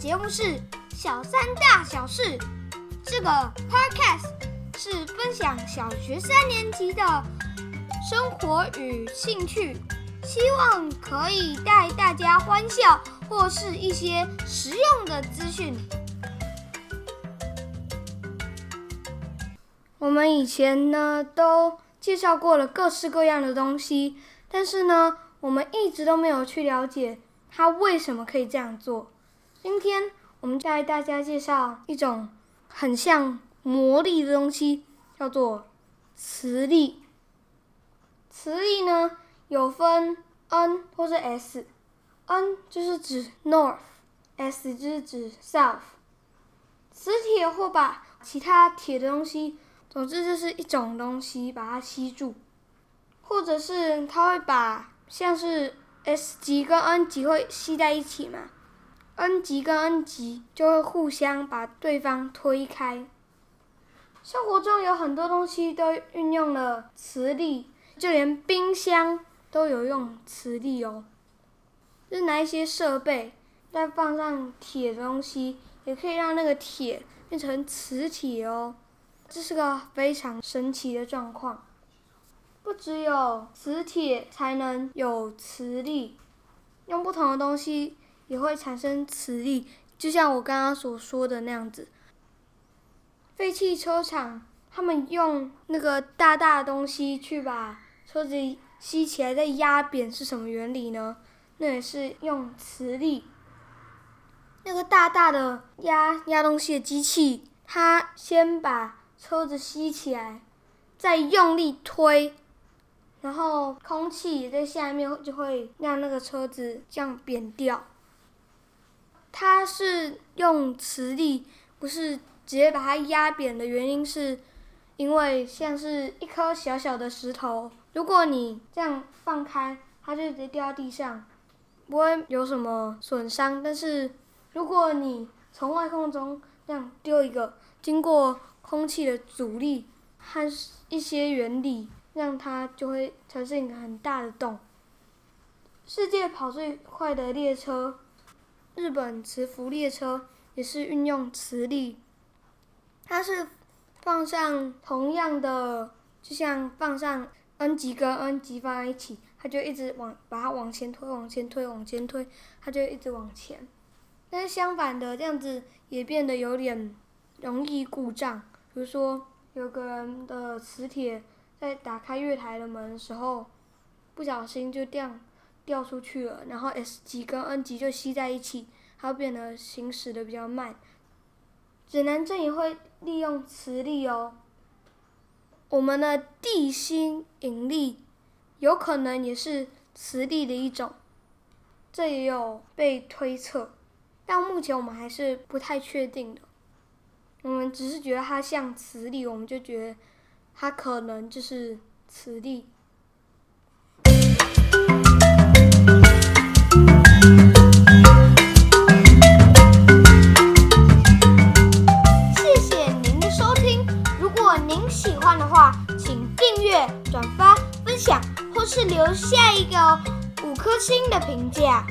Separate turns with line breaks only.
節目是《小三大小事》，這個 podcast 是分享小學三年級的生活與興趣，希望可以帶大家歡笑或是一些實用的資訊。我們以前呢都介紹過了各式各樣的東西，但是呢，我們一直都沒有去了解他為什麼可以這樣做。今天我們就為大家介紹一種很像魔力的東西，叫做磁力。磁力呢，有分 N 或是 S，N 就是指 North，S 就是指 South。磁鐵或把其他鐵的東西，總之就是一種東西把它吸住，或者是它會把像是 S 極跟 N 極會吸在一起嘛。N 極跟 N 極就會互相把對方推開。生活中有很多東西都運用了磁力，就連冰箱都有用磁力哦。就拿一些設備，再放上鐵的東西，也可以讓那個鐵變成磁鐵哦。這是個非常神奇的狀況。不只有磁鐵才能有磁力，用不同的東西。也會產生磁力，就像我剛剛所說的那樣子。廢棄車廠，他們用那個大大的東西去把車子吸起來，再壓扁，是什麼原理呢？那也是用磁力。那個大大的壓壓東西的機器，它先把車子吸起來，再用力推，然後空氣在下面就會讓那個車子這樣扁掉。它是用磁力，不是直接把它壓扁的原因是，因為像是一顆小小的石頭，如果你這樣放開，它就直接掉到地上，不會有什麼損傷。但是如果你從外空中這樣丟一個，經過空氣的阻力和一些原理，讓它就會產生一個很大的洞。世界跑最快的列車。日本磁浮列車也是運用磁力，它是放上同樣的，就像放上 N 極跟 N 極放在一起，它就一直往把它往前推，往前推，往前推，它就一直往前。但是相反的這樣子也變得有點容易故障，比如說有個人的磁鐵在打開月台的門的時候，不小心就掉了掉出去了，然後 S 極跟 N 極就吸在一起，它變得行駛的比較慢。指南針也會利用磁力哦。我們的地心引力，有可能也是磁力的一種，這也有被推測，但目前我們還是不太確定的。我、嗯、們只是覺得它像磁力，我們就覺得它可能就是磁力。都是留下一個五顆星的評價。